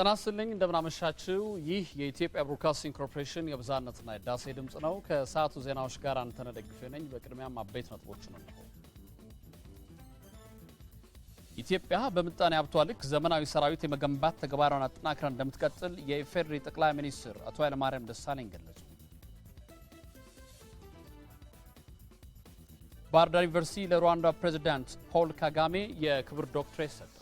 ጤና ይስጥልኝ እንደምናመሻችው። ይህ የኢትዮጵያ ብሮድካስቲንግ ኮርፖሬሽን የብዝሃነትና የዳሴ ድምፅ ነው። ከሰዓቱ ዜናዎች ጋር አንተነህ ደግፌ ነኝ። በቅድሚያም አበይት ነው እንሆ። ኢትዮጵያ በምጣኔ ሀብቷ ልክ ዘመናዊ ሰራዊት የመገንባት ተግባራን አጠናክራ እንደምትቀጥል የኢፌዴሪ ጠቅላይ ሚኒስትር አቶ ኃይለማርያም ደሳለኝ ገለጹ። ባህር ዳር ዩኒቨርሲቲ ለሩዋንዳ ፕሬዚዳንት ፖል ካጋሜ የክብር ዶክትሬት ሰጠ።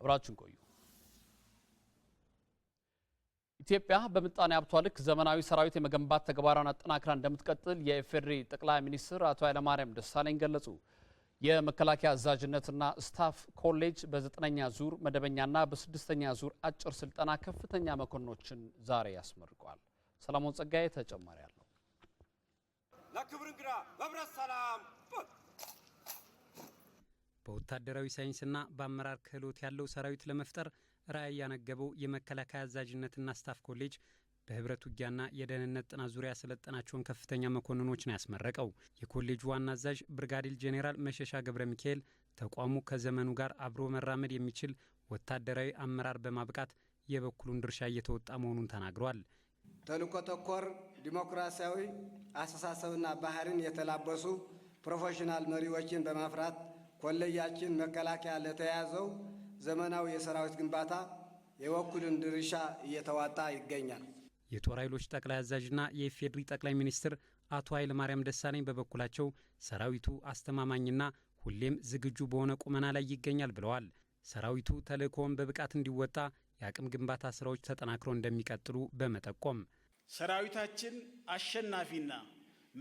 አብራችን ቆዩ። ኢትዮጵያ በምጣኔ ሀብቷ ልክ ዘመናዊ ሰራዊት የመገንባት ተግባራን አጠናክራ እንደምትቀጥል የኢፌዴሪ ጠቅላይ ሚኒስትር አቶ ኃይለማርያም ደሳለኝ ገለጹ። የመከላከያ አዛዥነትና ስታፍ ኮሌጅ በዘጠነኛ ዙር መደበኛና በስድስተኛ ዙር አጭር ስልጠና ከፍተኛ መኮንኖችን ዛሬ ያስመርቋል። ሰለሞን ጸጋዬ ተጨማሪ አለው። ለክብር እንግዳ መብረት ሰላም በወታደራዊ ሳይንስና በአመራር ክህሎት ያለው ሰራዊት ለመፍጠር ራዕይ ያነገበው የመከላከያ አዛዥነትና ስታፍ ኮሌጅ በህብረት ውጊያና የደህንነት ጥናት ዙሪያ ያሰለጠናቸውን ከፍተኛ መኮንኖች ነው ያስመረቀው። የኮሌጁ ዋና አዛዥ ብርጋዴር ጄኔራል መሸሻ ገብረ ሚካኤል ተቋሙ ከዘመኑ ጋር አብሮ መራመድ የሚችል ወታደራዊ አመራር በማብቃት የበኩሉን ድርሻ እየተወጣ መሆኑን ተናግሯል። ተልዕኮ ተኮር ዲሞክራሲያዊ አስተሳሰብና ባህርን የተላበሱ ፕሮፌሽናል መሪዎችን በማፍራት ኮለያችን መከላከያ ለተያያዘው ዘመናዊ የሰራዊት ግንባታ የበኩሉን ድርሻ እየተዋጣ ይገኛል። የጦር ኃይሎች ጠቅላይ አዛዥና የኢፌዴሪ ጠቅላይ ሚኒስትር አቶ ኃይለ ማርያም ደሳለኝ በበኩላቸው ሰራዊቱ አስተማማኝና ሁሌም ዝግጁ በሆነ ቁመና ላይ ይገኛል ብለዋል። ሰራዊቱ ተልእኮውን በብቃት እንዲወጣ የአቅም ግንባታ ስራዎች ተጠናክሮ እንደሚቀጥሉ በመጠቆም ሰራዊታችን አሸናፊና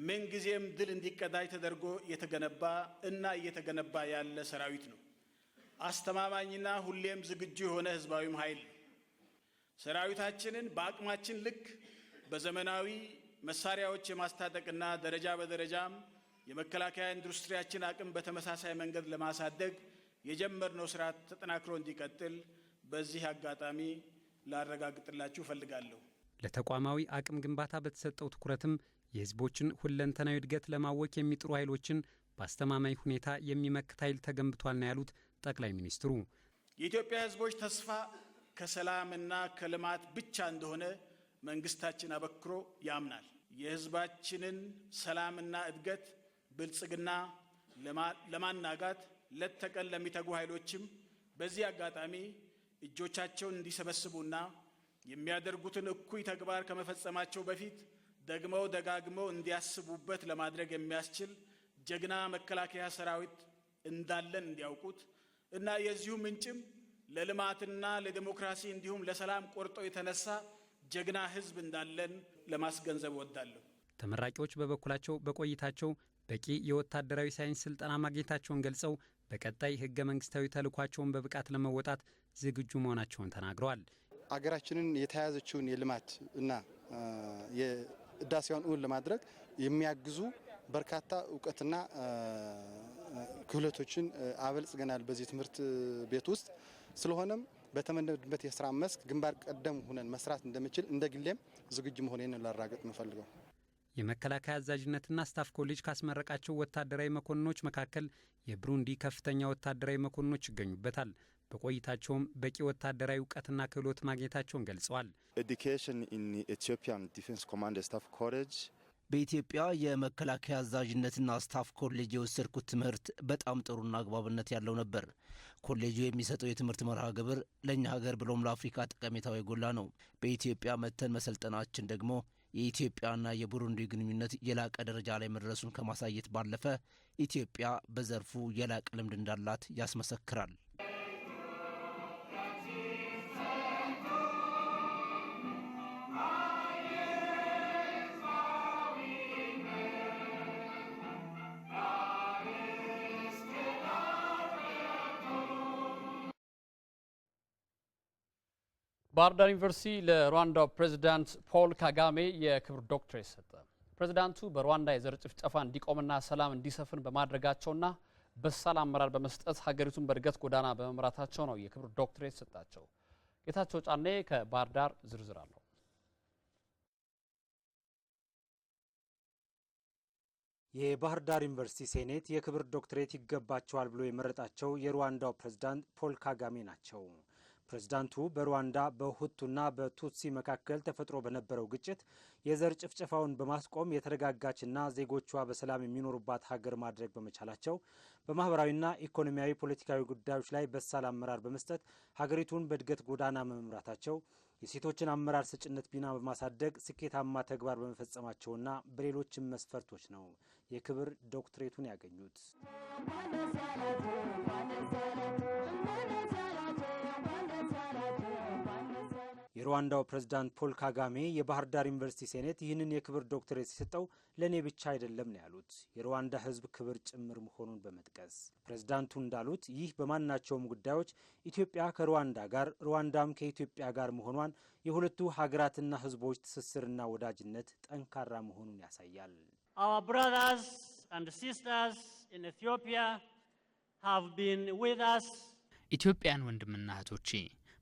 ምንጊዜም ድል እንዲቀዳጅ ተደርጎ የተገነባ እና እየተገነባ ያለ ሰራዊት ነው። አስተማማኝና ሁሌም ዝግጁ የሆነ ህዝባዊም ኃይል ነው። ሰራዊታችንን በአቅማችን ልክ በዘመናዊ መሳሪያዎች የማስታጠቅና ደረጃ በደረጃም የመከላከያ ኢንዱስትሪያችን አቅም በተመሳሳይ መንገድ ለማሳደግ የጀመርነው ስራ ተጠናክሮ እንዲቀጥል በዚህ አጋጣሚ ላረጋግጥላችሁ እፈልጋለሁ። ለተቋማዊ አቅም ግንባታ በተሰጠው ትኩረትም የህዝቦችን ሁለንተናዊ እድገት ለማወክ የሚጥሩ ኃይሎችን በአስተማማኝ ሁኔታ የሚመክት ኃይል ተገንብቷል ነው ያሉት ጠቅላይ ሚኒስትሩ። የኢትዮጵያ ህዝቦች ተስፋ ከሰላምና ከልማት ብቻ እንደሆነ መንግስታችን አበክሮ ያምናል። የህዝባችንን ሰላምና እድገት፣ ብልጽግና ለማናጋት ሌት ተቀን ለሚተጉ ኃይሎችም በዚህ አጋጣሚ እጆቻቸውን እንዲሰበስቡና የሚያደርጉትን እኩይ ተግባር ከመፈጸማቸው በፊት ደግመው ደጋግመው እንዲያስቡበት ለማድረግ የሚያስችል ጀግና መከላከያ ሰራዊት እንዳለን እንዲያውቁት እና የዚሁ ምንጭም ለልማትና ለዲሞክራሲ እንዲሁም ለሰላም ቆርጦ የተነሳ ጀግና ሕዝብ እንዳለን ለማስገንዘብ እወዳለሁ። ተመራቂዎች በበኩላቸው በቆይታቸው በቂ የወታደራዊ ሳይንስ ስልጠና ማግኘታቸውን ገልጸው በቀጣይ ህገ መንግስታዊ ተልኳቸውን በብቃት ለመወጣት ዝግጁ መሆናቸውን ተናግረዋል። አገራችንን የተያያዘችውን የልማት እና ህዳሴዋን እውን ለማድረግ የሚያግዙ በርካታ እውቀትና ክህሎቶችን አበልጽገናል በዚህ ትምህርት ቤት ውስጥ። ስለሆነም በተመደብንበት የስራ መስክ ግንባር ቀደም ሆነን መስራት እንደምችል እንደ ግሌም ዝግጁ መሆኔን ላራገጥ የምፈልገው የመከላከያ አዛዥነትና ስታፍ ኮሌጅ ካስመረቃቸው ወታደራዊ መኮንኖች መካከል የብሩንዲ ከፍተኛ ወታደራዊ መኮንኖች ይገኙበታል። በቆይታቸውም በቂ ወታደራዊ እውቀትና ክህሎት ማግኘታቸውን ገልጸዋል። በኢትዮጵያ የመከላከያ አዛዥነትና ስታፍ ኮሌጅ የወሰድኩት ትምህርት በጣም ጥሩና አግባብነት ያለው ነበር። ኮሌጁ የሚሰጠው የትምህርት መርሃ ግብር ለእኛ ሀገር ብሎም ለአፍሪካ ጠቀሜታው የጎላ ነው። በኢትዮጵያ መተን መሰልጠናችን ደግሞ የኢትዮጵያና የቡሩንዲ ግንኙነት የላቀ ደረጃ ላይ መድረሱን ከማሳየት ባለፈ ኢትዮጵያ በዘርፉ የላቀ ልምድ እንዳላት ያስመሰክራል። ባህር ዳር ዩኒቨርሲቲ ለሩዋንዳው ፕሬዚዳንት ፖል ካጋሜ የክብር ዶክትሬት ሰጠ። ፕሬዚዳንቱ በሩዋንዳ የዘር ጭፍጨፋ እንዲቆምና ሰላም እንዲሰፍን በማድረጋቸውና በሳል አመራር በመስጠት ሀገሪቱን በእድገት ጎዳና በመምራታቸው ነው የክብር ዶክትሬት ሰጣቸው። ጌታቸው ጫኔ ከባህር ዳር ዝርዝር አለው። የባህር ዳር ዩኒቨርሲቲ ሴኔት የክብር ዶክትሬት ይገባቸዋል ብሎ የመረጣቸው የሩዋንዳው ፕሬዚዳንት ፖል ካጋሜ ናቸው። ፕሬዝዳንቱ በሩዋንዳ በሁቱና በቱትሲ መካከል ተፈጥሮ በነበረው ግጭት የዘር ጭፍጨፋውን በማስቆም የተረጋጋችና ዜጎቿ በሰላም የሚኖሩባት ሀገር ማድረግ በመቻላቸው በማህበራዊና ኢኮኖሚያዊ፣ ፖለቲካዊ ጉዳዮች ላይ በሳል አመራር በመስጠት ሀገሪቱን በእድገት ጎዳና መምራታቸው የሴቶችን አመራር ሰጭነት ሚና በማሳደግ ስኬታማ ተግባር በመፈጸማቸውና በሌሎችም መስፈርቶች ነው የክብር ዶክትሬቱን ያገኙት። የሩዋንዳው ፕሬዝዳንት ፖል ካጋሜ የባህር ዳር ዩኒቨርሲቲ ሴኔት ይህንን የክብር ዶክተሬት የሰጠው ለእኔ ብቻ አይደለም ነው ያሉት። የሩዋንዳ ሕዝብ ክብር ጭምር መሆኑን በመጥቀስ ፕሬዝዳንቱ እንዳሉት ይህ በማናቸውም ጉዳዮች ኢትዮጵያ ከሩዋንዳ ጋር፣ ሩዋንዳም ከኢትዮጵያ ጋር መሆኗን የሁለቱ ሀገራትና ሕዝቦች ትስስርና ወዳጅነት ጠንካራ መሆኑን ያሳያል። Our brothers and sisters in Ethiopia have been with us ኢትዮጵያን ወንድምና እህቶቼ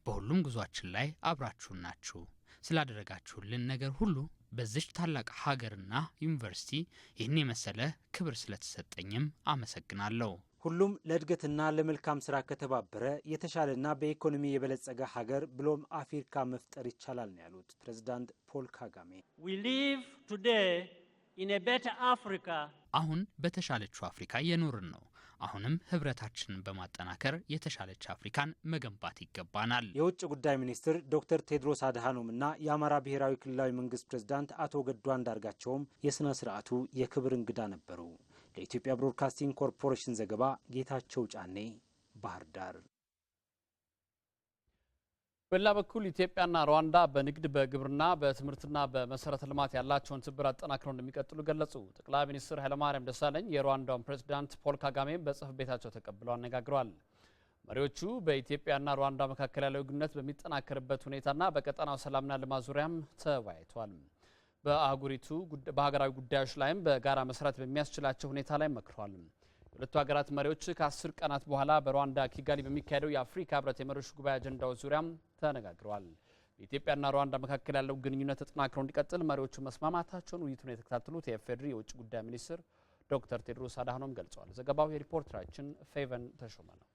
በሁሉም ጉዟችን ላይ አብራችሁን ናችሁ። ስላደረጋችሁልን ነገር ሁሉ በዚች ታላቅ ሀገርና ዩኒቨርሲቲ ይህን የመሰለ ክብር ስለተሰጠኝም አመሰግናለሁ። ሁሉም ለእድገትና ለመልካም ስራ ከተባበረ የተሻለና በኢኮኖሚ የበለጸገ ሀገር ብሎም አፍሪካ መፍጠር ይቻላል ነው ያሉት ፕሬዚዳንት ፖል ካጋሜ። አሁን በተሻለችው አፍሪካ የኖርን ነው። አሁንም ህብረታችንን በማጠናከር የተሻለች አፍሪካን መገንባት ይገባናል። የውጭ ጉዳይ ሚኒስትር ዶክተር ቴድሮስ አድሃኖም እና የአማራ ብሔራዊ ክልላዊ መንግስት ፕሬዝዳንት አቶ ገዱ አንዳርጋቸውም የሥነ ስርዓቱ የክብር እንግዳ ነበሩ። ለኢትዮጵያ ብሮድካስቲንግ ኮርፖሬሽን ዘገባ ጌታቸው ጫኔ ባህር ዳር በሌላ በኩል ኢትዮጵያና ሩዋንዳ በንግድ በግብርና በትምህርትና በመሰረተ ልማት ያላቸውን ትብብር አጠናክረው እንደሚቀጥሉ ገለጹ። ጠቅላይ ሚኒስትር ኃይለማርያም ደሳለኝ የሩዋንዳውን ፕሬዚዳንት ፖል ካጋሜን በጽህፈት ቤታቸው ተቀብለው አነጋግረዋል። መሪዎቹ በኢትዮጵያና ሩዋንዳ መካከል ያለው ግንኙነት በሚጠናከርበት ሁኔታና በቀጠናው ሰላምና ልማት ዙሪያም ተወያይቷል። በአህጉሪቱ በሀገራዊ ጉዳዮች ላይም በጋራ መስራት በሚያስችላቸው ሁኔታ ላይ መክረዋል። የሁለቱ ሀገራት መሪዎች ከአስር ቀናት በኋላ በሩዋንዳ ኪጋሊ በሚካሄደው የአፍሪካ ህብረት የመሪዎች ጉባኤ አጀንዳዎች ዙሪያም ተነጋግረዋል። በኢትዮጵያና ሩዋንዳ መካከል ያለው ግንኙነት ተጠናክሮ እንዲቀጥል መሪዎቹ መስማማታቸውን ውይይቱን የተከታተሉት የኢፌዴሪ የውጭ ጉዳይ ሚኒስትር ዶክተር ቴድሮስ አድሃኖም ገልጸዋል። ዘገባው የሪፖርተራችን ፌቨን ተሾመ ነው።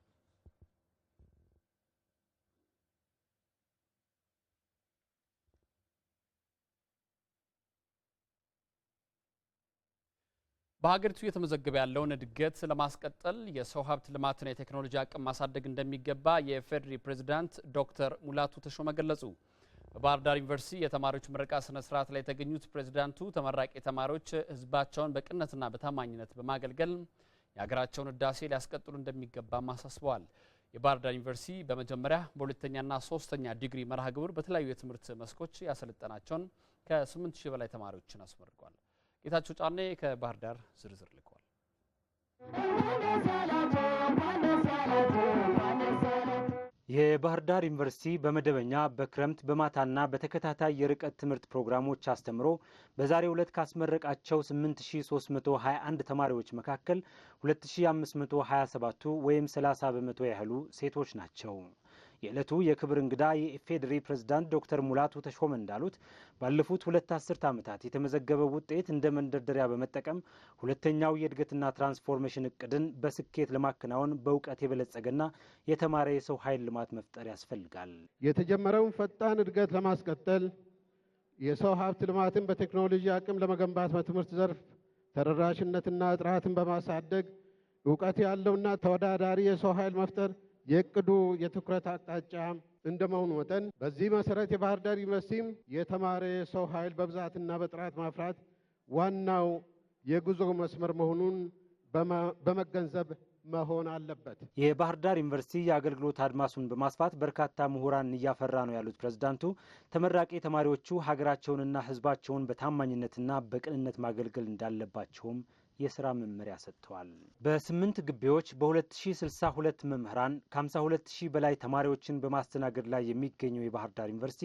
በሀገሪቱ እየተመዘገበ ያለውን እድገት ለማስቀጠል የሰው ሀብት ልማትና የቴክኖሎጂ አቅም ማሳደግ እንደሚገባ የፌዴሪ ፕሬዚዳንት ዶክተር ሙላቱ ተሾመ ገለጹ። በባህር ዳር ዩኒቨርሲቲ የተማሪዎች ምረቃ ስነ ስርዓት ላይ የተገኙት ፕሬዚዳንቱ ተመራቂ ተማሪዎች ህዝባቸውን በቅነትና በታማኝነት በማገልገል የሀገራቸውን ህዳሴ ሊያስቀጥሉ እንደሚገባም አሳስበዋል። የባህር ዳር ዩኒቨርሲቲ በመጀመሪያ በሁለተኛና ሶስተኛ ዲግሪ መርሃ ግብር በተለያዩ የትምህርት መስኮች ያሰለጠናቸውን ከ8 ሺህ በላይ ተማሪዎችን አስመርቋል። ጌታቸው ጫኔ ከባህር ዳር ዝርዝር ልኳል። የባህር ዳር ዩኒቨርሲቲ በመደበኛ በክረምት በማታና በተከታታይ የርቀት ትምህርት ፕሮግራሞች አስተምሮ በዛሬው ዕለት ካስመረቃቸው 8321 ተማሪዎች መካከል 2527ቱ ወይም 30 በመቶ ያህሉ ሴቶች ናቸው። የዕለቱ የክብር እንግዳ የኢፌዴሪ ፕሬዝዳንት ዶክተር ሙላቱ ተሾመ እንዳሉት ባለፉት ሁለት አስርት ዓመታት የተመዘገበ ውጤት እንደ መንደርደሪያ በመጠቀም ሁለተኛው የእድገትና ትራንስፎርሜሽን እቅድን በስኬት ለማከናወን በእውቀት የበለጸገና የተማረ የሰው ኃይል ልማት መፍጠር ያስፈልጋል። የተጀመረውን ፈጣን እድገት ለማስቀጠል የሰው ሀብት ልማትን በቴክኖሎጂ አቅም ለመገንባት በትምህርት ዘርፍ ተደራሽነትና ጥራትን በማሳደግ እውቀት ያለውና ተወዳዳሪ የሰው ኃይል መፍጠር የእቅዱ የትኩረት አቅጣጫ እንደመሆኑ መጠን በዚህ መሰረት የባህር ዳር ዩኒቨርሲቲም የተማረ የሰው ኃይል በብዛትና በጥራት ማፍራት ዋናው የጉዞ መስመር መሆኑን በመገንዘብ መሆን አለበት። የባህር ዳር ዩኒቨርሲቲ የአገልግሎት አድማሱን በማስፋት በርካታ ምሁራን እያፈራ ነው ያሉት ፕሬዝዳንቱ፣ ተመራቂ ተማሪዎቹ ሀገራቸውንና ሕዝባቸውን በታማኝነትና በቅንነት ማገልገል እንዳለባቸውም የስራ መመሪያ ሰጥተዋል። በስምንት ግቢዎች በ2062 መምህራን ከ52000 በላይ ተማሪዎችን በማስተናገድ ላይ የሚገኘው የባህር ዳር ዩኒቨርሲቲ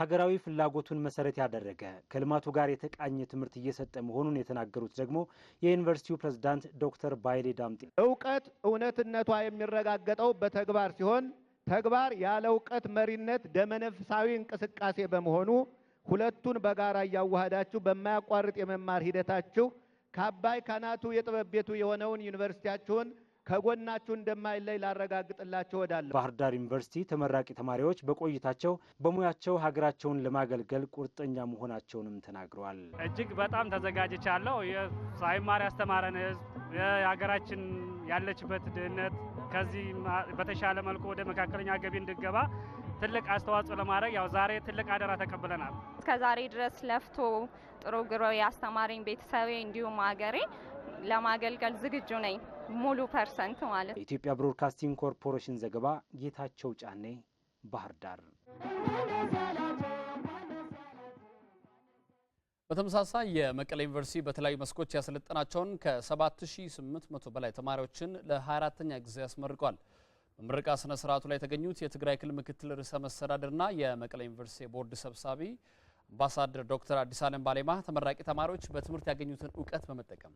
ሀገራዊ ፍላጎቱን መሰረት ያደረገ ከልማቱ ጋር የተቃኘ ትምህርት እየሰጠ መሆኑን የተናገሩት ደግሞ የዩኒቨርሲቲው ፕሬዝዳንት ዶክተር ባይሌ ዳምጤ እውቀት እውነትነቷ የሚረጋገጠው በተግባር ሲሆን ተግባር ያለ እውቀት መሪነት ደመነፍሳዊ እንቅስቃሴ በመሆኑ ሁለቱን በጋራ እያዋሃዳችሁ በማያቋርጥ የመማር ሂደታችሁ ከአባይ ካናቱ የጥበብ ቤቱ የሆነውን ዩኒቨርሲቲያችሁን ከጎናችሁ እንደማይለይ ላረጋግጥላችሁ ወዳለሁ። ባህር ዳር ዩኒቨርሲቲ ተመራቂ ተማሪዎች በቆይታቸው በሙያቸው ሀገራቸውን ለማገልገል ቁርጠኛ መሆናቸውንም ተናግረዋል። እጅግ በጣም ተዘጋጅቻለሁ። ሳይማር ያስተማረን ህዝብ፣ የሀገራችን ያለችበት ድህነት ከዚህ በተሻለ መልኩ ወደ መካከለኛ ገቢ እንድገባ ትልቅ አስተዋጽኦ ለማድረግ ያው ዛሬ ትልቅ አደራ ተቀብለናል። እስከ ዛሬ ድረስ ለፍቶ ጥሩ ግሮ የአስተማሪኝ ቤተሰቤ እንዲሁም ሀገሬ ለማገልገል ዝግጁ ነኝ ሙሉ ፐርሰንት ማለት። የኢትዮጵያ ብሮድካስቲንግ ኮርፖሬሽን ዘገባ ጌታቸው ጫኔ ባህር ዳር። በተመሳሳይ የመቀሌ ዩኒቨርሲቲ በተለያዩ መስኮች ያሰለጠናቸውን ከ7800 በላይ ተማሪዎችን ለ 24 ተኛ ጊዜ ያስመርቋል። በምረቃ ስነ ስርዓቱ ላይ የተገኙት የትግራይ ክልል ምክትል ርዕሰ መስተዳድርና የመቀሌ ዩኒቨርሲቲ ቦርድ ሰብሳቢ አምባሳደር ዶክተር አዲስ አለም ባሌማ ተመራቂ ተማሪዎች በትምህርት ያገኙትን እውቀት በመጠቀም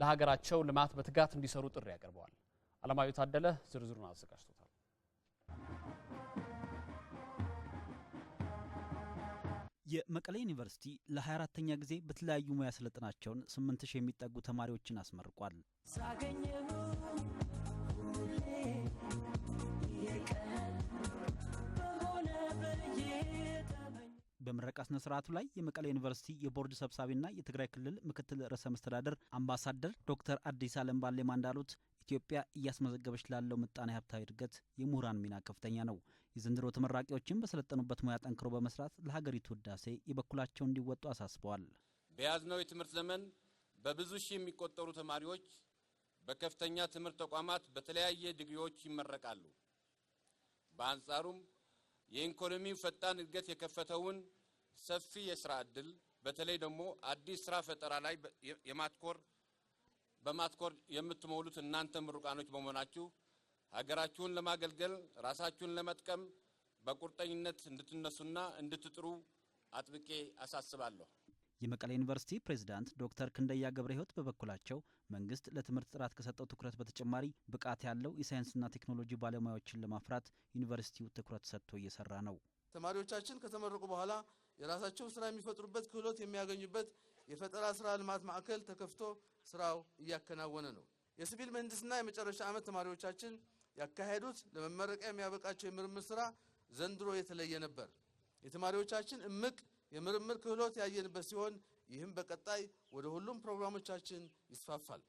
ለሀገራቸው ልማት በትጋት እንዲሰሩ ጥሪ አቅርበዋል። አለማዊ ታደለ ዝርዝሩን አዘጋጅቶታል። የመቀሌ ዩኒቨርሲቲ ለ24ተኛ ጊዜ በተለያዩ ሙያ ስለጥናቸውን 8000 የሚጠጉ ተማሪዎችን አስመርቋል። በምረቃ ስነ ስርዓቱ ላይ የመቀሌ ዩኒቨርሲቲ የቦርድ ሰብሳቢና የትግራይ ክልል ምክትል ርዕሰ መስተዳደር አምባሳደር ዶክተር አዲስ አለም ባሌማ እንዳሉት ኢትዮጵያ እያስመዘገበች ላለው ምጣኔ ሀብታዊ እድገት የምሁራን ሚና ከፍተኛ ነው። የዘንድሮ ተመራቂዎችም በሰለጠኑበት ሙያ ጠንክሮ በመስራት ለሀገሪቱ ህዳሴ የበኩላቸው እንዲወጡ አሳስበዋል። በያዝነው የትምህርት ዘመን በብዙ ሺህ የሚቆጠሩ ተማሪዎች በከፍተኛ ትምህርት ተቋማት በተለያየ ዲግሪዎች ይመረቃሉ። በአንጻሩም የኢኮኖሚው ፈጣን እድገት የከፈተውን ሰፊ የስራ እድል በተለይ ደግሞ አዲስ ስራ ፈጠራ ላይ የማትኮር በማትኮር የምትሞሉት እናንተ ምሩቃኖች በመሆናችሁ ሀገራችሁን ለማገልገል ራሳችሁን ለመጥቀም በቁርጠኝነት እንድትነሱና እንድትጥሩ አጥብቄ አሳስባለሁ። የመቀሌ ዩኒቨርሲቲ ፕሬዚዳንት ዶክተር ክንደያ ገብረ ሕይወት በበኩላቸው መንግስት ለትምህርት ጥራት ከሰጠው ትኩረት በተጨማሪ ብቃት ያለው የሳይንስና ቴክኖሎጂ ባለሙያዎችን ለማፍራት ዩኒቨርሲቲው ትኩረት ሰጥቶ እየሰራ ነው። ተማሪዎቻችን ከተመረቁ በኋላ የራሳቸውን ስራ የሚፈጥሩበት ክህሎት የሚያገኙበት የፈጠራ ስራ ልማት ማዕከል ተከፍቶ ስራው እያከናወነ ነው። የሲቪል ምህንድስና የመጨረሻ ዓመት ተማሪዎቻችን ያካሄዱት ለመመረቂያ የሚያበቃቸው የምርምር ስራ ዘንድሮ የተለየ ነበር። የተማሪዎቻችን እምቅ የምርምር ክህሎት ያየንበት ሲሆን ይህም በቀጣይ ወደ ሁሉም ፕሮግራሞቻችን ይስፋፋል።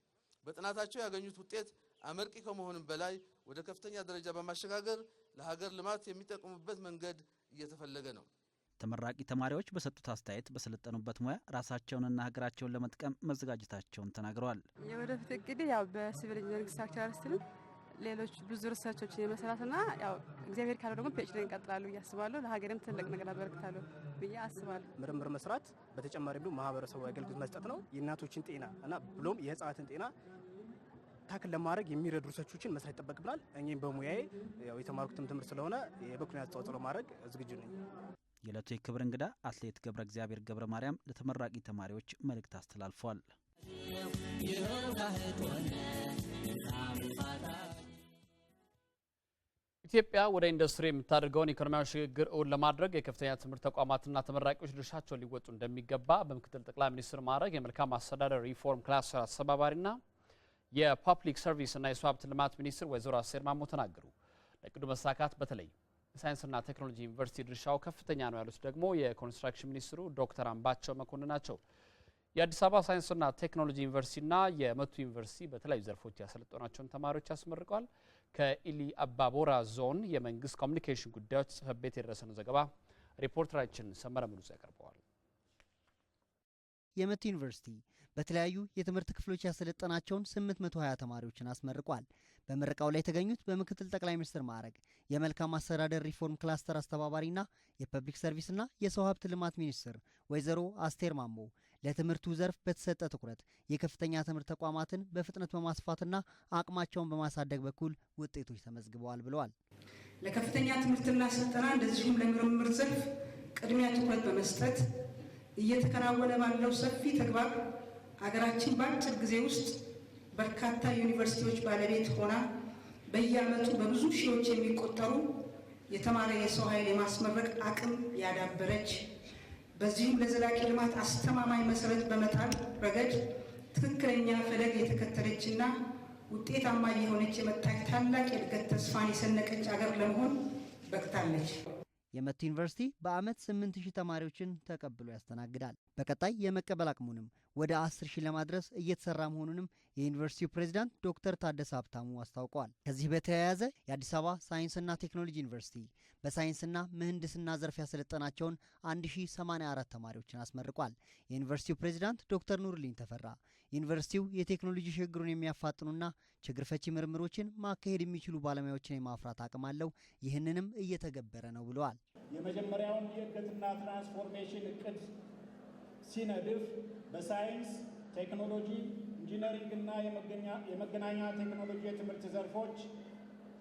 በጥናታቸው ያገኙት ውጤት አመርቂ ከመሆንም በላይ ወደ ከፍተኛ ደረጃ በማሸጋገር ለሀገር ልማት የሚጠቅሙበት መንገድ እየተፈለገ ነው። ተመራቂ ተማሪዎች በሰጡት አስተያየት በሰለጠኑበት ሙያ ራሳቸውንና ሀገራቸውን ለመጥቀም መዘጋጀታቸውን ተናግረዋል። የወደፊት እቅድ ያው በሲቪል ኢንጂነሪንግ ስትራክቸር ሌሎች ብዙ ሪሰርቾችን የመስራትና ያው እግዚአብሔር ካለው ደግሞ ፒኤችዲን እቀጥላለሁ ብዬ አስባለሁ። ትልቅ ነገር አበረክታለሁ ብዬ አስባሉ። ምርምር መስራት በተጨማሪ ብሎ ማህበረሰቡ አገልግሎት መስጠት ነው። የእናቶችን ጤና እና ብሎም የህፃናትን ጤና ታክል ለማድረግ የሚረዱ ሪሰርቾችን መስራት ይጠበቅብናል። እኔም በሙያዬ ያው የተማርኩትም ትምህርት ስለሆነ የበኩሌን አስተዋጽኦ ለማድረግ ዝግጁ ነኝ። የዕለቱ የክብር እንግዳ አትሌት ገብረ እግዚአብሔር ገብረ ማርያም ለተመራቂ ተማሪዎች መልእክት አስተላልፏል። ኢትዮጵያ ወደ ኢንዱስትሪ የምታደርገውን ኢኮኖሚያዊ ሽግግር እውን ለማድረግ የከፍተኛ ትምህርት ተቋማትና ተመራቂዎች ድርሻቸውን ሊወጡ እንደሚገባ በምክትል ጠቅላይ ሚኒስትር ማዕረግ የመልካም አስተዳደር ሪፎርም ክላስተር አስተባባሪና የፐብሊክ ሰርቪስና የሰው ሀብት ልማት ሚኒስትር ወይዘሮ አስቴር ማሞ ተናገሩ። ለቅዱ መሳካት በተለይ የሳይንስና ቴክኖሎጂ ዩኒቨርሲቲ ድርሻው ከፍተኛ ነው ያሉት ደግሞ የኮንስትራክሽን ሚኒስትሩ ዶክተር አምባቸው መኮንን ናቸው። የአዲስ አበባ ሳይንስና ቴክኖሎጂ ዩኒቨርሲቲና የመቱ ዩኒቨርሲቲ በተለያዩ ዘርፎች ያሰለጠኗቸውን ተማሪዎች አስመርቀዋል። ከኢሊ አባቦራ ዞን የመንግስት ኮሚኒኬሽን ጉዳዮች ጽህፈት ቤት የደረሰነው ዘገባ ሪፖርተራችን ሰመረ ምሩጽ ያቀርበዋል። የመቱ ዩኒቨርሲቲ በተለያዩ የትምህርት ክፍሎች ያሰለጠናቸውን 820 ተማሪዎችን አስመርቋል። በምረቃው ላይ የተገኙት በምክትል ጠቅላይ ሚኒስትር ማዕረግ የመልካም አስተዳደር ሪፎርም ክላስተር አስተባባሪና የፐብሊክ ሰርቪስና የሰው ሀብት ልማት ሚኒስትር ወይዘሮ አስቴር ማሞ ለትምህርቱ ዘርፍ በተሰጠ ትኩረት የከፍተኛ ትምህርት ተቋማትን በፍጥነት በማስፋትና አቅማቸውን በማሳደግ በኩል ውጤቶች ተመዝግበዋል ብለዋል። ለከፍተኛ ትምህርትና ስልጠና እንደዚሁም ለምርምር ዘርፍ ቅድሚያ ትኩረት በመስጠት እየተከናወነ ባለው ሰፊ ተግባር አገራችን በአጭር ጊዜ ውስጥ በርካታ ዩኒቨርሲቲዎች ባለቤት ሆና በየዓመቱ በብዙ ሺዎች የሚቆጠሩ የተማረ የሰው ኃይል የማስመረቅ አቅም ያዳበረች በዚህም ለዘላቂ ልማት አስተማማኝ መሰረት በመጣል ረገድ ትክክለኛ ፈለግ የተከተለችና ውጤታማ የሆነች የመጣ ታላቅ የእድገት ተስፋን የሰነቀች አገር ለመሆን በቅታለች። የመቱ ዩኒቨርሲቲ በዓመት 8000 ተማሪዎችን ተቀብሎ ያስተናግዳል። በቀጣይ የመቀበል አቅሙንም ወደ ሺህ ለማድረስ እየተሰራ መሆኑንም የዩኒቨርሲቲው ፕሬዚዳንት ዶክተር ታደሰ ሀብታሙ አስታውቀዋል። ከዚህ በተያያዘ የአዲስ አበባ ሳይንስና ቴክኖሎጂ ዩኒቨርሲቲ በሳይንስና ምህንድስና ዘርፍ ያሰለጠናቸውን 1084 ተማሪዎችን አስመርቋል። የዩኒቨርሲቲው ፕሬዚዳንት ዶክተር ኑርሊን ተፈራ ዩኒቨርሲቲው የቴክኖሎጂ ሽግግሩን የሚያፋጥኑና ችግር ፈቺ ምርምሮችን ማካሄድ የሚችሉ ባለሙያዎችን የማፍራት አቅም አለው፣ ይህንንም እየተገበረ ነው ብለዋል። የመጀመሪያውን የእድገትና ትራንስፎርሜሽን እቅድ ሲነድፍ በሳይንስ ቴክኖሎጂ፣ ኢንጂነሪንግ እና የመገናኛ ቴክኖሎጂ የትምህርት ዘርፎች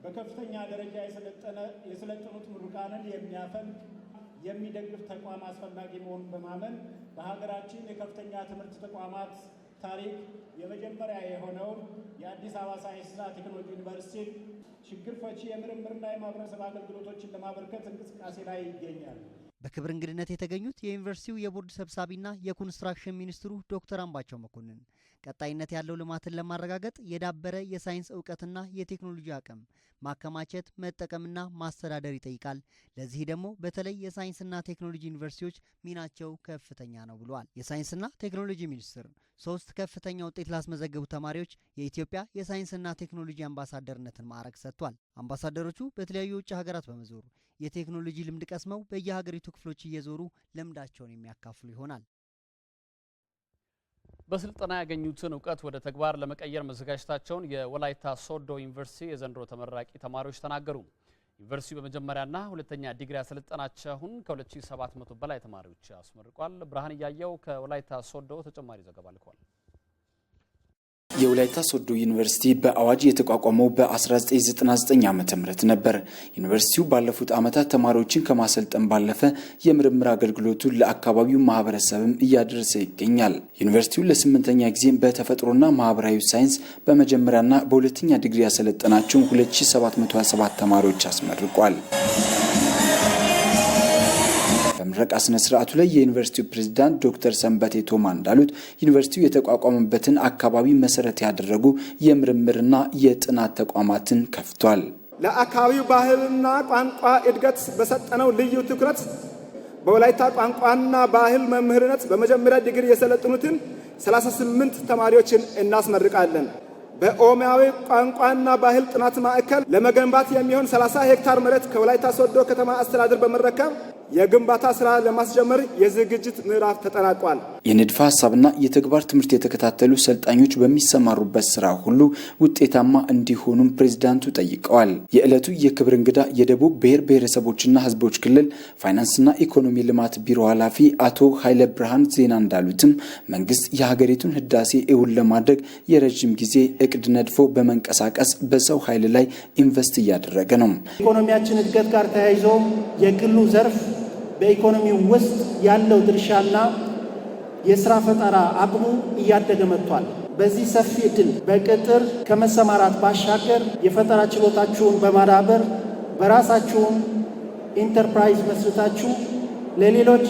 በከፍተኛ ደረጃ የሰለጠኑት ምሩቃንን የሚያፈልግ የሚደግፍ ተቋም አስፈላጊ መሆኑን በማመን በሀገራችን የከፍተኛ ትምህርት ተቋማት ታሪክ የመጀመሪያ የሆነውን የአዲስ አበባ ሳይንስና ቴክኖሎጂ ዩኒቨርሲቲ ችግር ፈቺ የምርምርና የማህበረሰብ አገልግሎቶችን ለማበርከት እንቅስቃሴ ላይ ይገኛል። በክብር እንግድነት የተገኙት የዩኒቨርሲቲው የቦርድ ሰብሳቢና የኮንስትራክሽን ሚኒስትሩ ዶክተር አምባቸው መኮንን ቀጣይነት ያለው ልማትን ለማረጋገጥ የዳበረ የሳይንስ እውቀትና የቴክኖሎጂ አቅም ማከማቸት፣ መጠቀምና ማስተዳደር ይጠይቃል። ለዚህ ደግሞ በተለይ የሳይንስና ቴክኖሎጂ ዩኒቨርሲቲዎች ሚናቸው ከፍተኛ ነው ብለዋል። የሳይንስና ቴክኖሎጂ ሚኒስቴር ሶስት ከፍተኛ ውጤት ላስመዘገቡ ተማሪዎች የኢትዮጵያ የሳይንስና ቴክኖሎጂ አምባሳደርነትን ማዕረግ ሰጥቷል። አምባሳደሮቹ በተለያዩ የውጭ ሀገራት በመዞር የቴክኖሎጂ ልምድ ቀስመው በየሀገሪቱ ክፍሎች እየዞሩ ልምዳቸውን የሚያካፍሉ ይሆናል። በስልጠና ያገኙትን እውቀት ወደ ተግባር ለመቀየር መዘጋጀታቸውን የወላይታ ሶዶ ዩኒቨርሲቲ የዘንድሮ ተመራቂ ተማሪዎች ተናገሩ። ዩኒቨርሲቲው በመጀመሪያና ሁለተኛ ዲግሪ ያሰለጠናቸውን ከ2700 በላይ ተማሪዎች አስመርቋል። ብርሃን እያየው ከወላይታ ሶዶ ተጨማሪ ዘገባ ልኳል። የወላይታ ሶዶ ዩኒቨርሲቲ በአዋጅ የተቋቋመው በ1999 ዓ ም ነበር። ዩኒቨርሲቲው ባለፉት ዓመታት ተማሪዎችን ከማሰልጠን ባለፈ የምርምር አገልግሎቱን ለአካባቢው ማህበረሰብም እያደረሰ ይገኛል። ዩኒቨርሲቲው ለስምንተኛ ጊዜም በተፈጥሮና ማህበራዊ ሳይንስ በመጀመሪያና በሁለተኛ ዲግሪ ያሰለጠናቸውን 2727 ተማሪዎች አስመርቋል። የምረቃ ስነ ስርዓቱ ላይ የዩኒቨርሲቲው ፕሬዚዳንት ዶክተር ሰንበቴ ቶማ እንዳሉት ዩኒቨርሲቲው የተቋቋመበትን አካባቢ መሰረት ያደረጉ የምርምርና የጥናት ተቋማትን ከፍቷል። ለአካባቢው ባህልና ቋንቋ እድገት በሰጠነው ልዩ ትኩረት በወላይታ ቋንቋና ባህል መምህርነት በመጀመሪያ ዲግሪ የሰለጥኑትን 38 ተማሪዎችን እናስመርቃለን። በኦሚያዊ ቋንቋና ባህል ጥናት ማዕከል ለመገንባት የሚሆን 30 ሄክታር መሬት ከወላይታ ሶዶ ከተማ አስተዳደር በመረከብ የግንባታ ስራ ለማስጀመር የዝግጅት ምዕራፍ ተጠናቋል። የንድፈ ሀሳብና የተግባር ትምህርት የተከታተሉ ሰልጣኞች በሚሰማሩበት ስራ ሁሉ ውጤታማ እንዲሆኑም ፕሬዚዳንቱ ጠይቀዋል። የዕለቱ የክብር እንግዳ የደቡብ ብሔር ብሔረሰቦችና ህዝቦች ክልል ፋይናንስና ኢኮኖሚ ልማት ቢሮ ኃላፊ አቶ ኃይለ ብርሃን ዜና እንዳሉትም መንግስት የሀገሪቱን ህዳሴ እውን ለማድረግ የረዥም ጊዜ እቅድ ነድፎ በመንቀሳቀስ በሰው ኃይል ላይ ኢንቨስት እያደረገ ነው። ኢኮኖሚያችን እድገት ጋር ተያይዞ የግሉ ዘርፍ በኢኮኖሚው ውስጥ ያለው ድርሻና የስራ ፈጠራ አቅሙ እያደገ መጥቷል። በዚህ ሰፊ እድል በቅጥር ከመሰማራት ባሻገር የፈጠራ ችሎታችሁን በማዳበር በራሳችሁም ኢንተርፕራይዝ መስርታችሁ ለሌሎች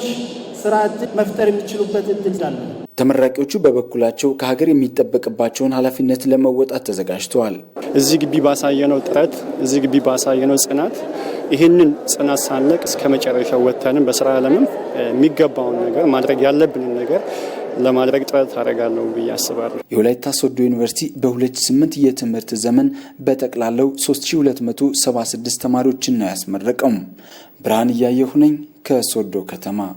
ስራ እድል መፍጠር የሚችሉበት እድል ዳለ። ተመራቂዎቹ በበኩላቸው ከሀገር የሚጠበቅባቸውን ኃላፊነት ለመወጣት ተዘጋጅተዋል። እዚህ ግቢ ባሳየነው ጥረት፣ እዚህ ግቢ ባሳየነው ጽናት ይህንን ጽናት ሳንለቅ እስከ መጨረሻው ወጥተንም በስራ አለምም የሚገባውን ነገር ማድረግ ያለብንን ነገር ለማድረግ ጥረት አደርጋለሁ ብዬ አስባለሁ። የወላይታ ሶዶ ዩኒቨርሲቲ በ2008 የትምህርት ዘመን በጠቅላላው 3276 ተማሪዎችን ነው ያስመረቀው። ብርሃን እያየሁ ነኝ ከሶዶ ከተማ